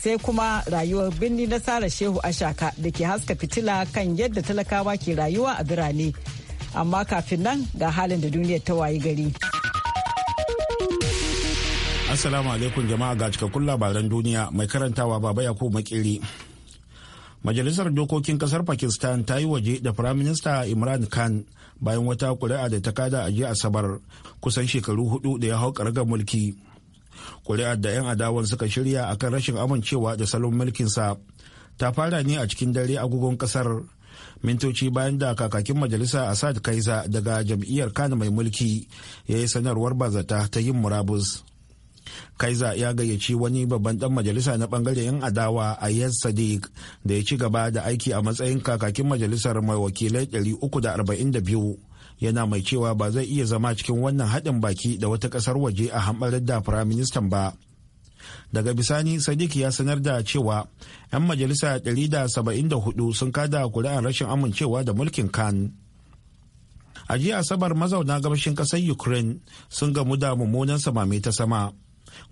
sai kuma rayuwar birni na Sara Shehu Ashaka da ke haska fitila kan yadda talakawa ke rayuwa a birane. Amma kafin nan ga halin da duniyar ta wayi gari. Assalamu alaikum jama'a ga cikakkun labaran duniya mai karantawa baba yako Makiri. Majalisar Dokokin Kasar Pakistan ta yi waje da prime minister Imran Khan bayan wata kuri'a da ta kada a Asabar kusan shekaru hudu da ya hau mulki. kuri'ar da 'yan adawan suka shirya akan rashin amincewa da salon mulkinsa ta fara ne a cikin dare agogon kasar mintoci bayan da kakakin majalisa a asad kaiza daga jam'iyyar Kano mai mulki ya yi sanarwar bazata ta yin murabus kaiza ya gayyaci wani babban dan majalisa na bangare 'yan adawa a yan sadiq da ya ci gaba da aiki a matsayin kakakin majalisar mai wakilai 342 yana mai cewa ba zai iya zama cikin wannan haɗin baki da wata ƙasar waje a hamɓarar da firaministan ba daga bisani sadiq ya sanar da cewa 'yan majalisa 174 sun kada kuri'ar rashin amincewa da mulkin kan a jiya asabar mazauna gabashin ƙasar ukraine sun gamu da mummunan samame ta sama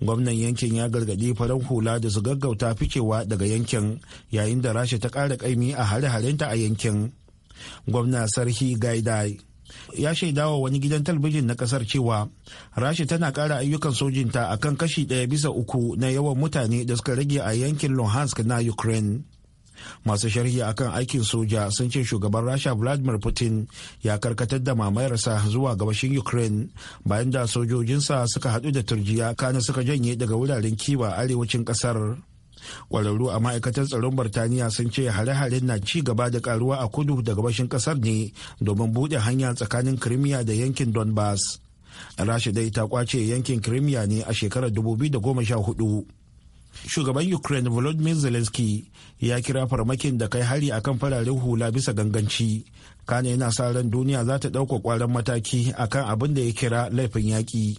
gwamnan yankin ya gargaɗi farin hula da su gaggauta ficewa daga yankin yayin da rasha ta ƙara ƙaimi a hare-harenta a yankin gwamna sarhi gaidai ya shaidawa wani gidan talabijin na kasar cewa rasha tana kara ayyukan sojinta a kan kashi ɗaya bisa uku na yawan mutane da suka rage a yankin luhansk na ukraine masu sharhi akan aikin soja sun ce shugaban rasha vladimir putin ya karkatar da mamayarsa zuwa gabashin ukraine bayan da sojojinsa suka hadu da turjiya kana suka janye daga wuraren kiwa arewacin kasar kwararru a ma'aikatar tsaron Birtaniya sun ce hare-haren na ci gaba da karuwa a kudu da gabashin kasar ne domin buɗe hanya tsakanin Crimea da yankin Donbass. Rasha dai ta kwace yankin Crimea ne a shekarar 2014. Shugaban Ukraine Volodymyr Zelensky ya kira farmakin da kai hari akan fararen hula bisa ganganci. Kane yana sa ran duniya za ta ɗauka ƙwaron mataki akan abin da ya kira laifin yaƙi.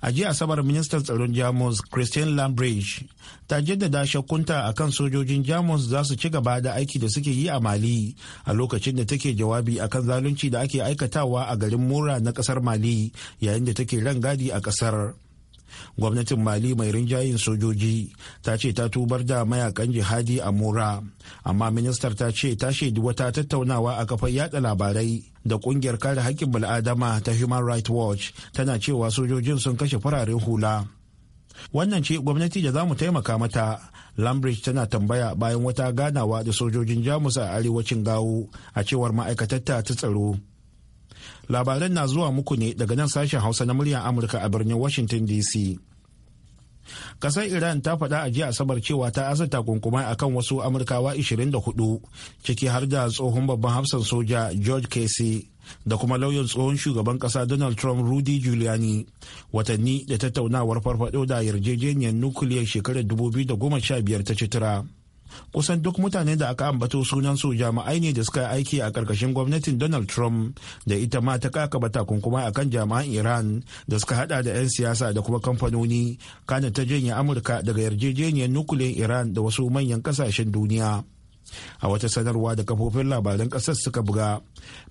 a jiya asabar ministan tsaron jamus christian lambridge ta jaddada shakkunta a kan sojojin jamus za su ci gaba da aiki da suke yi a mali a lokacin da take jawabi a kan zalunci da ake aikatawa a garin mura na kasar mali yayin da take ran gadi a kasar gwamnatin mali mai rinjayin sojoji ta ce ta tubar da mayakan jihadi a mura amma ministar ta ce ta shaidi wata tattaunawa a kafar yada labarai da kungiyar kare haƙƙin bil'adama ta human rights watch tana cewa sojojin sun kashe fararen hula wannan ce gwamnati da za mu taimaka mata lambridge tana tambaya bayan wata ganawa da sojojin jamus a arewacin gawo a cewar ma'aikatarta ta tsaro labaran na zuwa muku ne daga nan sashen hausa na muryar amurka a birnin washington dc Kasar Iran ta faɗa a jiya Asabar cewa ta asa takunkumai akan wasu Amurkawa 24 ciki har da tsohon babban hafsan soja George Casey da kuma lauyan tsohon shugaban kasa Donald Trump Rudy Giuliani watanni da tattaunawar farfaɗo da yarjejeniyar nukiliyar shekarar 2015 ta citira. kusan duk mutane da aka ambato sunan sunansu jami'ai ne da suka aiki a ƙarƙashin gwamnatin donald trump da ita ma ta kakaba takunkuma a kan jami'an iran da suka hada da 'yan siyasa da kuma kamfanoni kana ta janye amurka daga yarjejeniyar nukuliyar iran da wasu manyan ƙasashen duniya a wata sanarwa da kafofin labaran kasar suka buga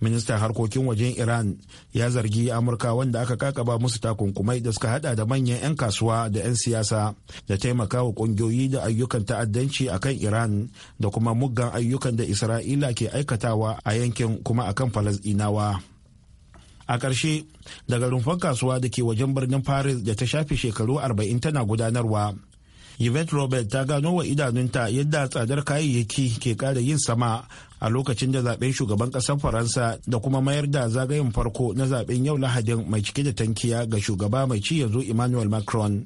ministan harkokin wajen iran ya zargi amurka wanda aka kakaba musu takunkumai da suka hada da manyan 'yan kasuwa da 'yan siyasa da taimakawa ƙungiyoyi da ayyukan ta'addanci a kan iran da kuma muggan ayyukan da isra'ila ke aikatawa a yankin kuma a kan falasdinawa a ƙarshe daga rumfar kasuwa da ke wajen birnin paris da ta shafe shekaru arba'in tana gudanarwa yvette robert ta gano wa idanunta yadda tsadar kayayyaki ke kara yin sama a lokacin da zaben shugaban ƙasar faransa da kuma mayar da zagayen farko na zaben yau lahadin mai cike da tankiya ga shugaba mai ci yanzu emmanuel macron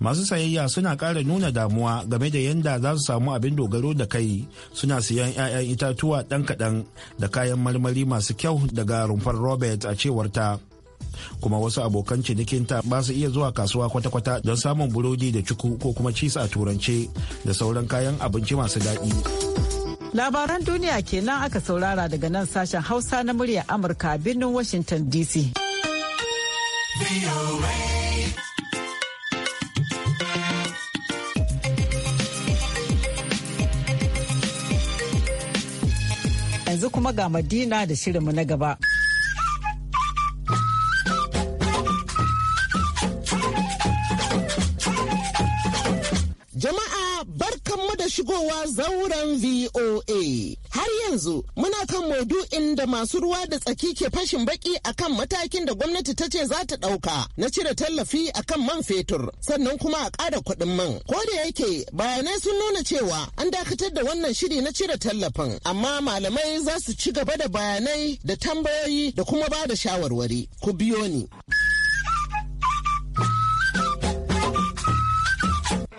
masu sayayya suna ƙara nuna damuwa game da yadda za su samu abin dogaro da kai suna siyan 'ya'yan itatuwa ɗan kaɗan da kayan marmari masu kyau daga rumfar robert a cewar ta kuma wasu abokan cinikinta ba su iya zuwa kasuwa kwata-kwata don samun burodi da cuku ko kuma cisa a turance da sauran kayan abinci masu daɗi. Labaran duniya kenan aka saurara daga nan sashen Hausa na muryar Amurka birnin Washington DC. Yanzu kuma ga Madina da shirinmu na gaba. da shigowa zauren VOA. Har yanzu muna kan maudu'in da masu ruwa da tsaki ke fashin baki akan matakin da gwamnati ta ce za ta ɗauka na cire tallafi akan man fetur sannan kuma a ƙara kuɗin man. Ko da yake bayanai sun nuna cewa an dakatar da wannan shiri na cire tallafin amma malamai za su ci gaba da bayanai da tambayoyi da kuma ba da shawarwari. Ku biyo ni.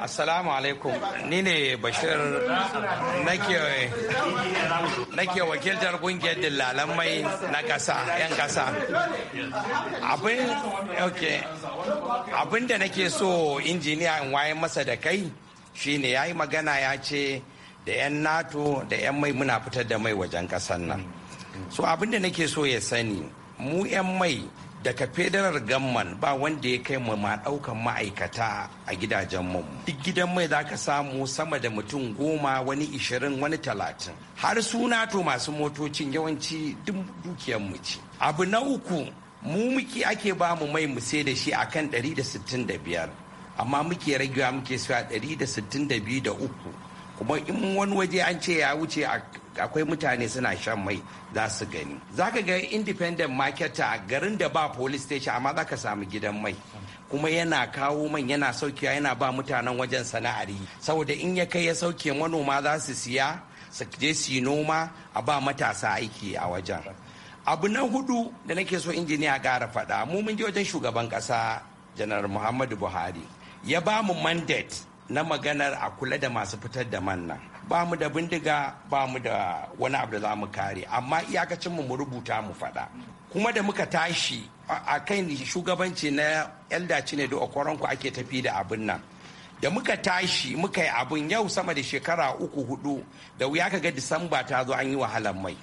Assalamu alaikum ni ne Bashir nake wakiltar kungiyar dillalan mai na kasa 'yan kasa. Abin da nake so injiniya in waye masa da kai shine ya yi magana ya ce da 'yan nato da 'yan mai muna fitar da mai wajen kasan nan. So abin da nake so ya sani mu 'yan mai daga federal gamman ba wanda ya kai ma daukan ma'aikata a gidajen mu duk gidan mai za ka samu sama da mutum goma wani ishirin wani talatin har suna to masu motocin yawanci duk dukiyar mu ce abu na uku mu muke ake ba mu mai mu sai da shi akan 165 amma muke ragewa muke suwa 162 da uku kuma in wani waje an ce ya wuce a. akwai mutane suna shan mai za su gani za ka ga independent market a garin da ba police station amma za ka samu gidan mai kuma yana kawo man yana saukiya yana ba mutanen wajen sana'ar yi saboda in ya kai ya sauke manoma za su siya su je su yi noma a ba matasa aiki a wajen abu na hudu da nake so injiniya gara faɗa mu mun je wajen shugaban ƙasa janar muhammadu buhari ya ba mu mandate na maganar a kula da masu fitar da man nan ba mu da bindiga ba mu da wani abu da za mu kare amma iyakacin mu mu rubuta mu faɗa kuma da muka tashi a kan shugabanci na eldaci ne da okoronku ake tafi da abin nan da muka tashi muka yi abin yau sama da shekara uku hudu da wuya ka ga disamba ta zo an yi wahalar mai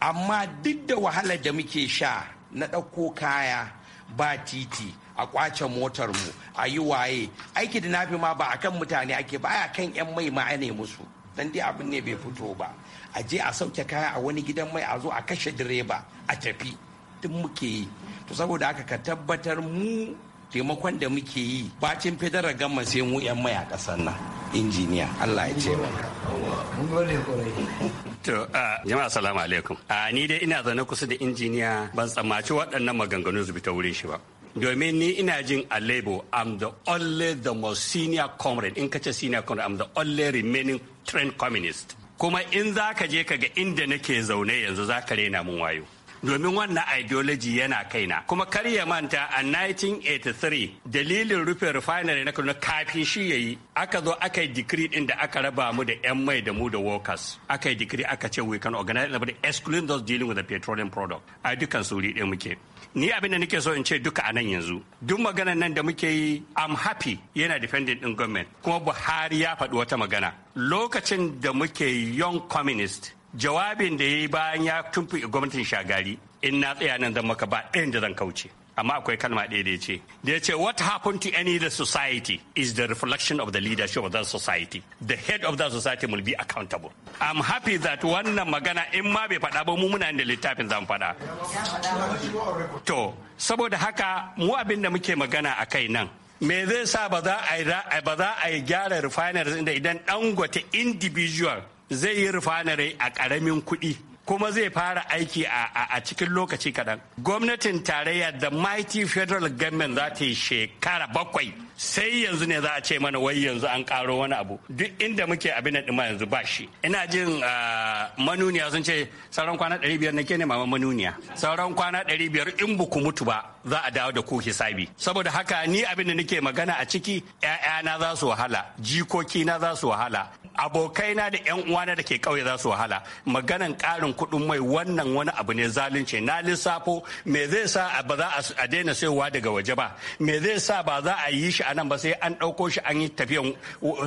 amma duk da wahalar da muke sha na ɗauko kaya ba titi a kwace motar mu a yi waye aiki da nafi ma ba a kan mutane ake ba a kan yan mai ma ne musu dan dai abin ne bai fito ba a je a sauke kaya a wani gidan mai a zo a kashe direba a tafi duk muke yi to saboda haka ka tabbatar mu taimakon da muke yi bacin federal gama sai mu 'yan mai a ƙasar nan injiniya allah ya ce To, uh, jama'a salamu alaikum. Uh, ni dai ina zaune kusa da injiniya ban tsammaci waɗannan maganganu su ta wurin shi ba. domin ni ina jin a label i'm the only the most senior comrade in kace senior comrade i'm the only remaining trained communist kuma in za ka je ka ga inda nake zaune yanzu za ka rena mun wayo domin wannan ideology yana kaina kuma kar ya manta a 1983 dalilin rufe refinery na Kaduna kafin shi ya yi. aka zo aka yi decree din da aka raba mu da yan mai da mu da workers aka yi decree aka ce we can organize labor excluding those dealing with the petroleum product a dukan suri ɗaya muke ni abin da nake so in ce duka a nan yanzu duk maganar nan da muke yi am happy yana defending din government kuma Buhari ya faɗi wata magana lokacin da muke young communist jawabin da ya yi bayan ya tumfi gwamnatin shagari in na tsaya nan zan maka ba ɗayan da zan kauce amma akwai kalma ɗaya da ya ce da ya ce what happened to any the society is the reflection of the leadership of that society the head of that society will be accountable i'm happy that wannan magana in ma bai faɗa ba mu muna da littafin zan faɗa to saboda haka mu abin da muke magana a kai nan me zai sa ba za a yi gyara refineries inda idan dangote individual zai yi rufanare a ƙaramin kuɗi kuma zai fara aiki a cikin lokaci kaɗan. Gwamnatin tarayya da mighty federal government za ta yi shekara bakwai sai yanzu ne za a ce mana wai yanzu an karo wani abu duk inda muke abin da ɗima yanzu ba shi ina jin ah, manuniya sun ce sauran kwana 500 nake ne mama manuniya sauran kwana 500 in buku mutu ba za a dawo da ku hisabi saboda haka ni abin da nake magana a ciki ƴaƴana za su wahala jikoki na za su wahala abokaina da yan uwana da ke kauye za su wahala maganan karin kudin mai wannan wani abu ne zalunci na lissafo me zai sa ba za a daina sayowa daga waje ba me zai sa ba za a yi shi a nan ba sai an ɗauko shi an yi tafiyan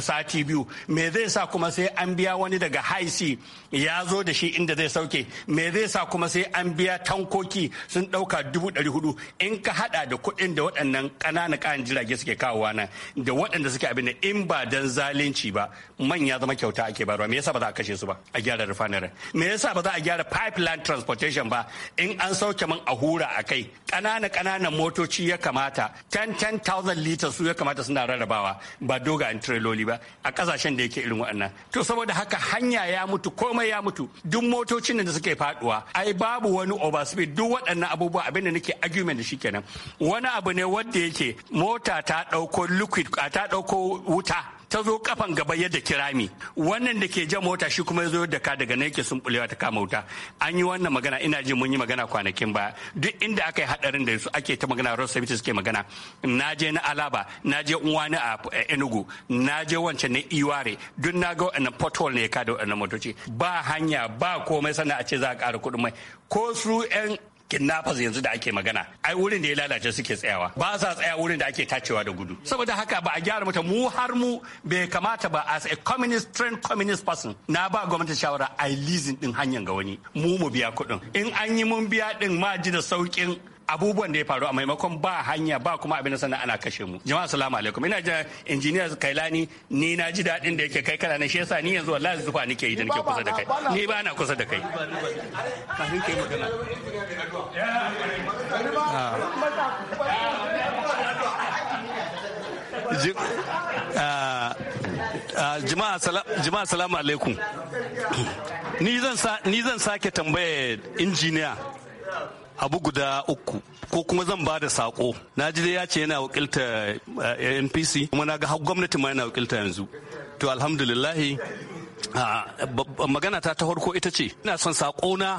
sati biyu me zai sa kuma sai an biya wani daga haisi ya zo da shi inda zai sauke me zai sa kuma sai an biya tankoki sun ɗauka dubu ɗari hudu in ka haɗa da kuɗin da waɗannan ƙananan ƙayan jirage suke kawowa nan da waɗanda suke abin in ba dan zalunci ba manya zama kyauta ake barwa me yasa ba za a kashe su ba a gyara refinery me yasa ba za a gyara pipeline transportation ba in an sauke man a hura a kai kanana kananan motoci ya kamata 10 10,000 liters su ya kamata suna rarrabawa ba doga dogayen tireloli ba a ƙasashen da yake irin waɗannan to saboda haka hanya ya mutu komai ya mutu duk motocin da suke faduwa ai babu wani overspeed duk waɗannan abubuwa abin da nake argument da shi kenan wani abu ne wanda yake mota ta ɗauko liquid ta ɗauko wuta ta zo kafan gaba yadda kirami wannan da ke jan mota shi kuma ya zo da ka daga na yake bulewa ta kama wuta an yi wannan magana ina ji mun yi magana kwanakin ba duk inda aka yi hadarin da su ake ta magana road safety suke magana na je na alaba na je unwani a enugu na je wancan na iware duk na ga wannan pothole ne ya kada wannan motoci ba hanya ba komai sana a ce za a kara kuɗin mai ko su yan kidnappers yanzu da ake magana ai wurin da ya lalace suke tsayawa ba sa tsaya wurin da ake tacewa da gudu saboda haka ba a gyara mata mu har mu bai kamata ba as a communist trained communist person na ba gwamnati shawara a leasing din hanyar ga wani mu mu biya kuɗin in an yi mun biya din ma ji da saukin abubuwan da ya faru a maimakon ba hanya ba kuma abin da sana ana kashe mu jama'a assalamu alaikum ina ji injiniya kailani ni na ji daɗin da yake kai kana ne shi yasa ni yanzu wallahi zufa nake yi da nake kusa da kai ni ba na kusa da kai ah, ah, jama'a jima'a salamu alaikum ni zan sake tambaya injiniya abu guda uku ko kuma zan ba da sako na ji dai ya ce yana wakilta eh, npc kuma na ga gwamnati ma yana wakilta yanzu to alhamdulillahi magana ta ta farko ita ce ina son sakona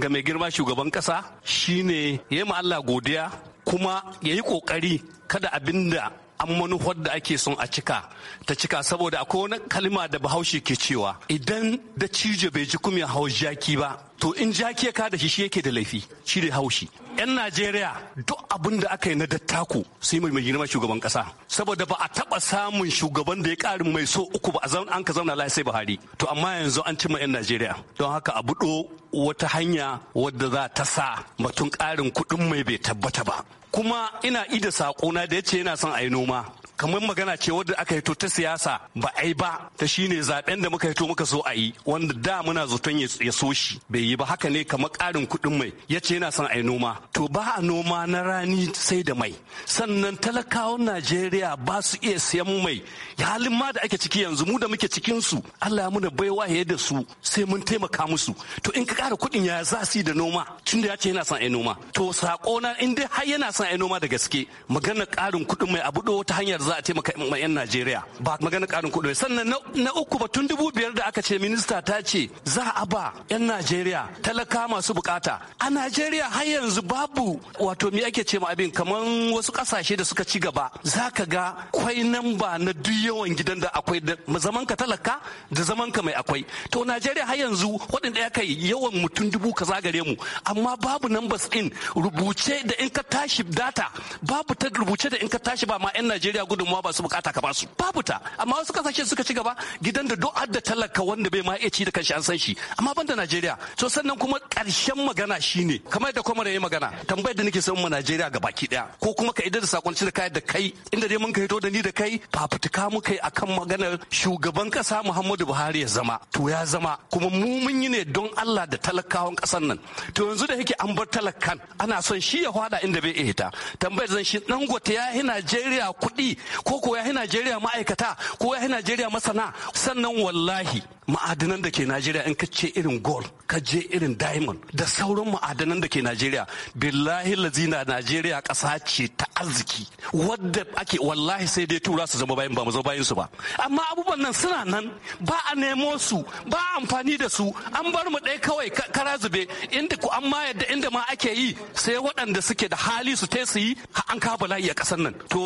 ga mai girma shugaban kasa shine ya yi Allah godiya kuma ya yi kokari kada abinda an manufar da ake son a cika ta cika saboda akwai wani kalima da bahaushe ke cewa idan da cije bai ji kuma hau jaki ba to in jaki ya kada shi shi yake da laifi shi da haushi 'yan najeriya duk abin da aka yi na dattako sai mai girma shugaban kasa saboda ba a taba samun shugaban da ya karin mai so uku ba a an ka zauna lai sai buhari to amma yanzu an cimma 'yan najeriya don haka a budo wata hanya wadda za ta sa batun karin kuɗin mai bai tabbata ba kuma ina ida sakona da ya ce yana son a yi noma kamar magana ce wadda aka hito ta siyasa ba ai ba ta shine zaben da muka hito muka so a yi wanda da muna zaton ya so shi bai yi ba haka ne kamar karin kuɗin mai ya yana son a yi noma to ba a noma na rani sai da mai sannan talakawan najeriya ba su iya siyan mai ya halin ma da ake ciki yanzu mu da muke cikin su allah ya muna baiwa ya da su sai mun taimaka musu to in ka kara kuɗin ya za su yi da noma tun da ya ce yana son a yi noma to sakona in dai har yana son a yi noma da gaske maganar karin kuɗin mai abu ta hanyar za a taimaka ma 'yan Najeriya ba magana karin kuɗi sannan na uku tun dubu biyar da aka ce minista ta ce za a ba 'yan Najeriya talaka masu bukata a Najeriya har yanzu babu wato me ake ce ma abin kamar wasu kasashe da suka ci gaba za ka ga kwai nan ba na duk yawan gidan da akwai da zaman ka talaka da zaman ka mai akwai to Najeriya har yanzu waɗanda ya kai yawan mutum dubu kaza gare mu amma babu numbers din rubuce da in ka tashi data babu ta rubuce da in ka tashi ba ma 'yan Najeriya gudunmuwa ba su bukata ka ba su babu ta amma wasu kasashe suka ci gaba gidan da duk adda talaka wanda bai ma iya ci da kanshi an san shi amma banda Najeriya to sannan kuma karshen magana shine kamar da kuma yayi magana tambayar da nake samu ma Najeriya ga baki daya ko kuma ka idar da sakon da kai da kai inda dai mun ka hito da ni da kai fituka mu kai akan maganar shugaban kasa Muhammadu Buhari ya zama to ya zama kuma mu mun yi ne don Allah da talakawan kasar nan to yanzu da yake an bar talakan ana son shi ya hada inda bai iya hita tambayar zan shi dangote ya yi Najeriya kuɗi ko ko ya Najeriya ma'aikata ko ya Najeriya masana sannan wallahi ma'adanan da ke najeriya in ka ce irin gold ka je irin diamond da sauran ma'adanan da ke najeriya billahi lazina najeriya ƙasa ce ta arziki wadda ake wallahi sai dai tura su zama bayan ba mu zama bayan su ba amma abubuwan nan suna nan ba a nemo su ba a amfani da su an bar mu ɗaya kawai kara zube inda ku an ma yadda inda ma ake yi sai waɗanda suke da hali su ta su yi an ka bala'i a ƙasar nan to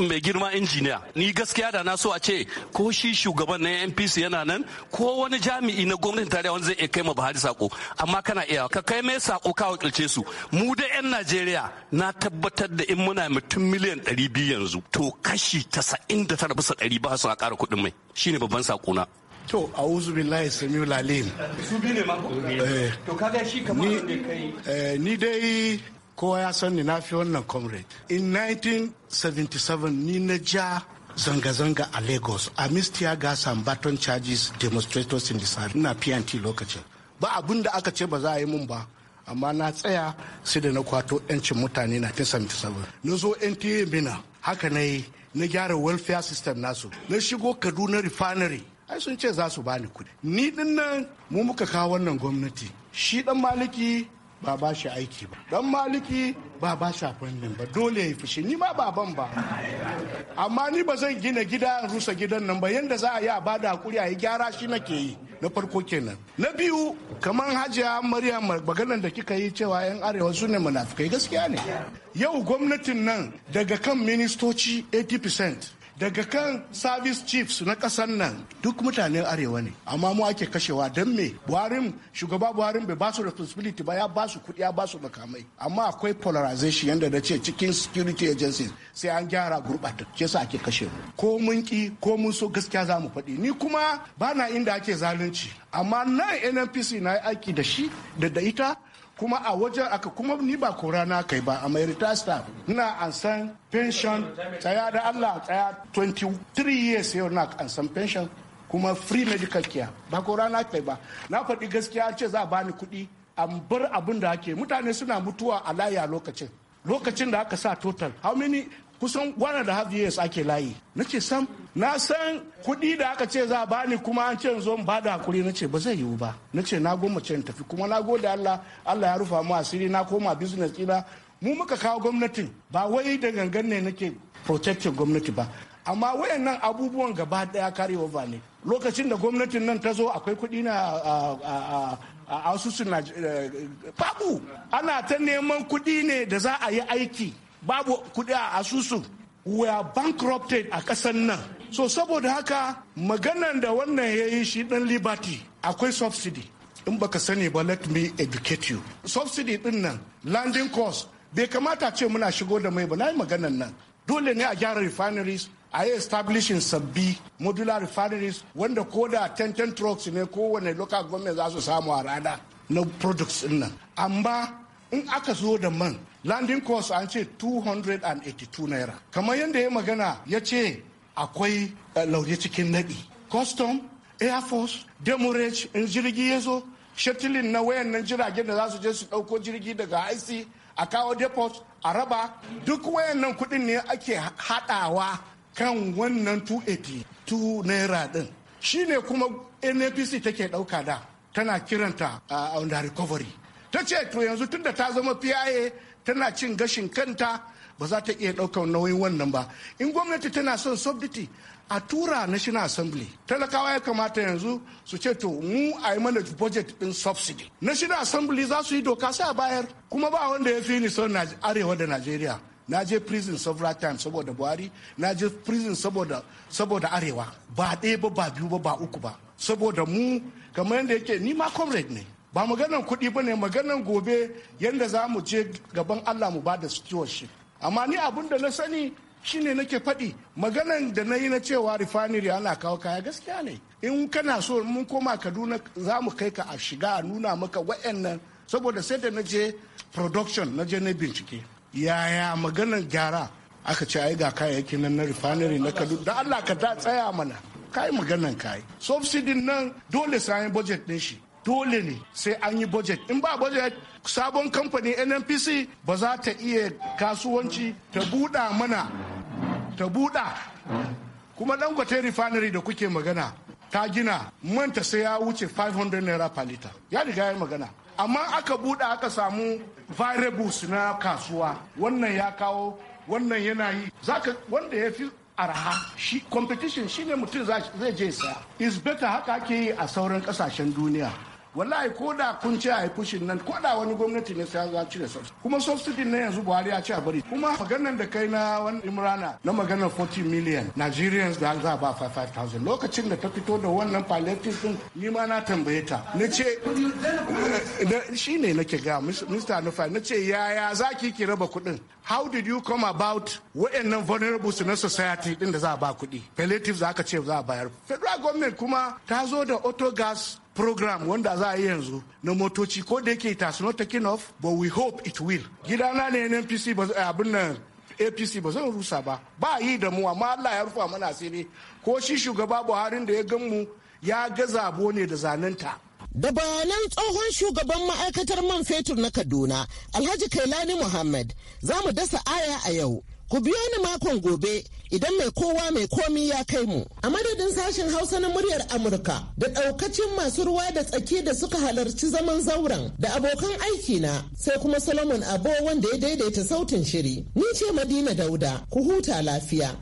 mai girma injiniya ni gaskiya da na so a ce ko shi shugaban na npc yana nan ko ko wani jami'i na gwamnatin tarayya wanda zai iya kai ma Buhari sako amma kana iya ka kai mai sako ka wakilce su mu da yan Najeriya na tabbatar da in muna mutum miliyan 200 yanzu to kashi 99 bisa 100 ba su a ƙara kuɗin mai shine babban sako na to a uzu billahi samiu lalim su bi ne ma eh. to kaga shi kamar da kai eh, ni dai kowa ya san ni na fi wannan comrade in 1977 ni na ja zanga-zanga a lagos a mistiya gas and baton charges demonstrators in the south na pnt lokacin ba abin da aka ce ba za a yi mun ba amma na tsaya sai da na kwato 'yancin mutane na 1977 na zo nta mina haka na yi na gyara welfare system nasu na shigo kaduna refinery ai sun ce za su bani kudi ni dinnan mu muka kawo wannan gwamnati shi dan maliki ba ba shi aiki ba dan maliki ba ba shi fannin ba dole ya fushi ni ma baban ba amma ni ba zan gina gida in rusa gidan nan ba yanda za a yi a bada hakuri a yi gyara shi nake yi na farko kenan na biyu kamar hajiya maryam maganar da kika yi cewa yan arewa su ne munafukai gaskiya ne yau gwamnatin nan daga kan ministoci 80 daga kan service chiefs na kasan nan duk mutanen arewa ne amma mu ake kashewa don me buharin shugaba buharin bai basu responsibility ba ya basu kuɗi ya basu makamai amma akwai polarization yadda da ce cikin security agencies sai an gyara gurbata ke sa ake kashe mu ko mun ki ko mun so gaskiya za mu faɗi ni kuma ba na inda ake zalunci amma nan nnpc na yi aiki da shi da da ita kuma a wajen aka kuma ni ba kora na kai ba a mai retired staff ina an san pension tsaya da Allah tsaya 23 years yau na an san pension kuma free medical care ba kora na kai ba na faɗi gaskiya ce za a bani kuɗi an bar abin da ake mutane suna mutuwa a layi a lokacin lokacin da aka sa total how many kusan one da a half years ake layi na ce sam na san kuɗi da aka ce za a bani kuma an ce zo ba da hakuri na ce ba zai yiwu ba na ce na goma ce tafi kuma na gode Allah Allah ya rufa mu asiri na koma business ina mu muka kawo gwamnatin ba wai da gangan ne nake protective gwamnati ba amma wayannan abubuwan gaba daya karewa ba ne lokacin da gwamnatin nan ta zo akwai kuɗi na a asusun eh, babu ana ta neman kuɗi ne da za a yi aiki babu kuɗi a asusu we are bankrupted a ƙasar nan so saboda haka maganan da wannan ya yi shi ɗan liberty akwai subsidy in baka sani ba let me educate you subsidy ɗin nan landing cost bai kamata ce muna shigo da mai ba na yi maganan nan dole ne a gyara refineries a yi establishing sabbi modular refineries wanda ko da 10 trucks ne kowane local government za su samu a rana na products din nan amma in aka zo da man landing cost an ce 282 naira kamar yadda ya magana ya ce akwai eh, lauye cikin nadi custom air force demurrage in jirgi ya zo shetilin na wayannan jiragen da za su je su ɗauko jirgi daga ic a kawo depot a raba duk wayannan kuɗin ne ake haɗawa kan wannan 282 naira ɗin ne kuma nnpc take ɗauka da tana kiranta a uh, recovery ta ce to yanzu tun da ta zama pia tana cin gashin kanta ba za ta iya ɗaukar nauyin wannan ba in gwamnati tana son sobdity a tura national assembly talakawa ya kamata yanzu su ce to mu a yi mana budget din subsidy national assembly za su yi doka sai a bayar kuma ba wanda ya fi ni son arewa da najeriya na je prison several times saboda buhari na je prison saboda saboda arewa ba ɗaya ba ba biyu ba ba uku ba saboda mu kamar yadda yake ni ma comrade ne ba maganan kuɗi ba ne maganan gobe yadda za mu je gaban allah mu ba da shi amma ni abin da na sani shine nake faɗi maganan da na yi na cewa rifaniri ana kawo kaya gaskiya ne in kana so mun koma kaduna za mu kai ka a shiga a nuna maka wa'annan saboda sai da na je production na je na bincike yaya maganan gyara aka ce ai ga kayayyaki nan na refinery na kaduna da allah ka tsaya mana kai maganan kai subsidin nan dole sayan budget din shi dole ne sai an yi budget in ba budget sabon kamfani nnpc ba za ta iya kasuwanci ta buɗa mana ta buɗa kuma dangote refinery da kuke magana ta gina manta sai ya wuce 500 naira per liter ya riga ya magana amma aka buɗe aka samu variables na kasuwa wannan ya kawo wannan yana yi zaka wanda ya fi arha shi competition shine mutum zai je saya is better haka ake yi a sauran kasashen duniya wallahi ko da kun ce a yi fushin nan ko da wani gwamnati ne sai za cire subsidy kuma subsidy na yanzu buhari ya ce a bari kuma maganar da kai na wani imrana na maganar 40 million nigerians da za ba 5000 lokacin da ta fito da wannan palliative din ni ma na tambaye ta na ce shi ne nake ga mr nufa na ce yaya za ki ki raba kuɗin how did you come about wa'annan su na society din da za a ba kuɗi palliative za ka ce za a bayar federal government kuma ta zo da auto gas program wanda za a yi yanzu na motoci ko da yake it has not off but we hope it will gidana ne NPC abin nan apc ba zan rusa ba ba yi da mu amma allah ya rufa mana sai ko shi shugaba buharin da ya gan mu ya ga zabo ne da zanenta da bayanan tsohon shugaban ma'aikatar man fetur na kaduna alhaji kailani muhammad za mu dasa aya a yau Ku biyo ni makon gobe idan mai kowa mai komi ya kai mu. A madadin sashen Hausa na muryar Amurka da ɗaukacin masu ruwa da tsaki da suka halarci zaman zauren da abokan aiki na sai kuma Solomon Abo wanda ya daidaita sautin shiri. Ni ce Madina Dauda, ku huta lafiya.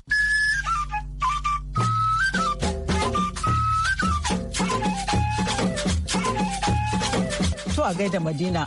To a gaida Madina.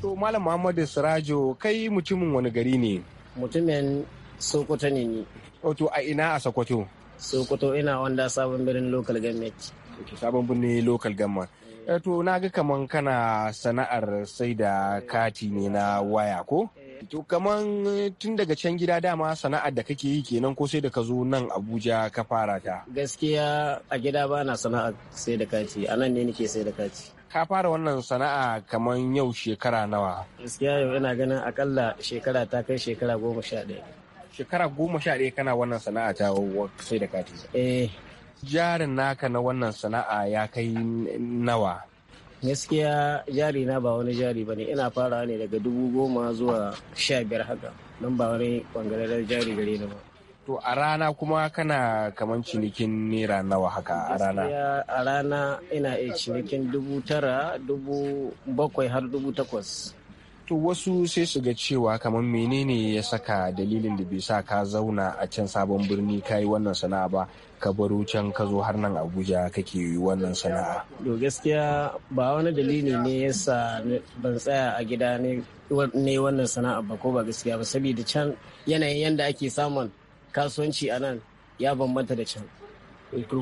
To Malam Muhammadu Sirajo kai mutumin wani gari ne? Mutumin Sokoto ne ni. Wato oh, a ina a Sokoto? Sokoto ina wanda sabon birnin local government. Sabon birnin local government. Eh, to na ga kaman kana sana'ar sai da kati ne na waya ko? To kaman tun daga can gida dama sana'ar da kake yi kenan ko sai da ka zo nan Abuja ka fara ta? Gaskiya a gida ba na sana'ar sai da kati, a nan ne nake sai da kati. ka fara wannan sana'a kamar yau shekara nawa gaskiya yau ina ganin akalla shekara ta kai shekara goma sha ɗaya shekara goma sha ɗaya kana wannan sana'a ta sai da kati eh jarin naka na wannan sana'a ya kai nawa gaskiya jari na ba wani jari ba ne ina fara ne daga dubu goma zuwa sha biyar haka don ba wani bangaren jari gare ni ba To a rana kuma kana kamar cinikin naira nawa haka a rana? A rana ina iya cinikin dubu tara, dubu bakwai har dubu takwas. To wasu sai su ga cewa kamar menene ya saka dalilin da bai sa ka zauna a can sabon birni ka yi wannan sana'a ba ka baro can ka zo har nan Abuja kake yi wannan sana'a. To gaskiya ba wani dalili ne ya sa ban tsaya a gida ne wannan sana'a ba ko ba gaskiya ba saboda can yanayin yanda ake samun kasuwanci a nan ya bambanta da can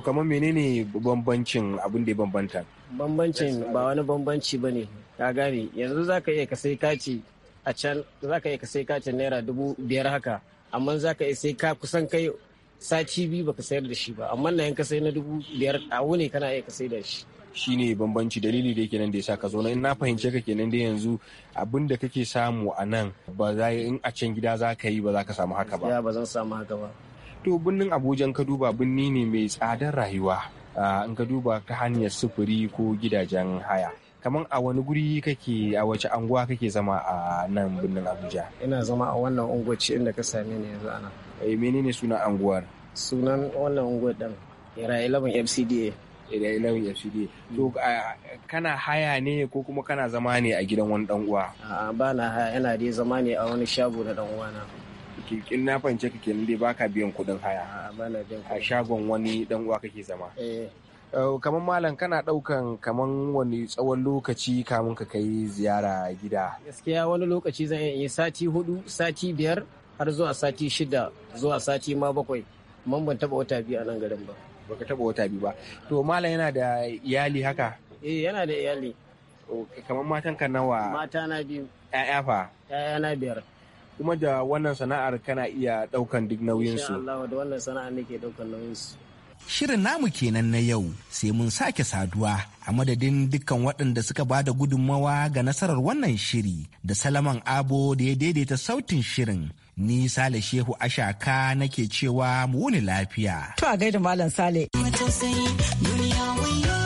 kamar menene bambancin abin da ya bambanta bambancin ba wani bambanci ba ne ka gane yanzu za ka iya ka sai kaci a can za ka iya ka sai kacin naira dubu biyar haka amma za ka iya sai ka kusan kai sati biyu baka sayar da shi ba amma na yanka sai na dubu biyar a wuni kana iya ka sai da shi shine bambanci dalili da yake nan da ya sa ka zo in na fahimce ka kenan da yanzu abin da kake samu a nan ba za in a can gida za ka yi ba za ka samu haka ba ba zan samu haka ba to birnin abuja ka duba birni ne mai tsadar rayuwa in ka duba ta hanyar sufuri ko gidajen haya kamar a wani guri kake a wace anguwa kake zama a nan birnin abuja ina zama a wannan unguwaci inda ka same ni yanzu ana eh menene sunan anguwar sunan wannan unguwar din ira 11 fcda 11 FCD to hmm. kana haya ne ko kuma kana zama ne a gidan wani dan uwa a'a ba na haya yana dai zama ne a wani shago da dan uwana kin na fahimce ka kenan dai baka biyan kuɗin haya ba na biyan a shagon wani dan uwa kake zama eh kamar malam kana daukan kamar wani tsawon lokaci kamun ka kai ziyara gida gaskiya wani lokaci zan iya sati hudu sati biyar har zuwa sati shida zuwa sati ma bakwai man ban taba wata biyu a nan garin ba baka taba wata biyu ba to malam yana da iyali haka eh yana da iyali kamar matan ka nawa mata na biyu ƴaƴa fa ƴaƴa na biyar kuma da wannan sana'ar kana iya daukan duk nauyin su insha Allah da wannan sana'ar nake daukan nauyin su Shirin namu kenan na yau sai mun sake saduwa a madadin dukkan waɗanda suka ba da gudunmawa ga nasarar wannan shiri da Salaman Abo da ya daidaita sautin shirin. Ni Sale Shehu Ashaka nake cewa mu wuni lafiya. To a gaida Malam Sale. duniya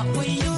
akwai yau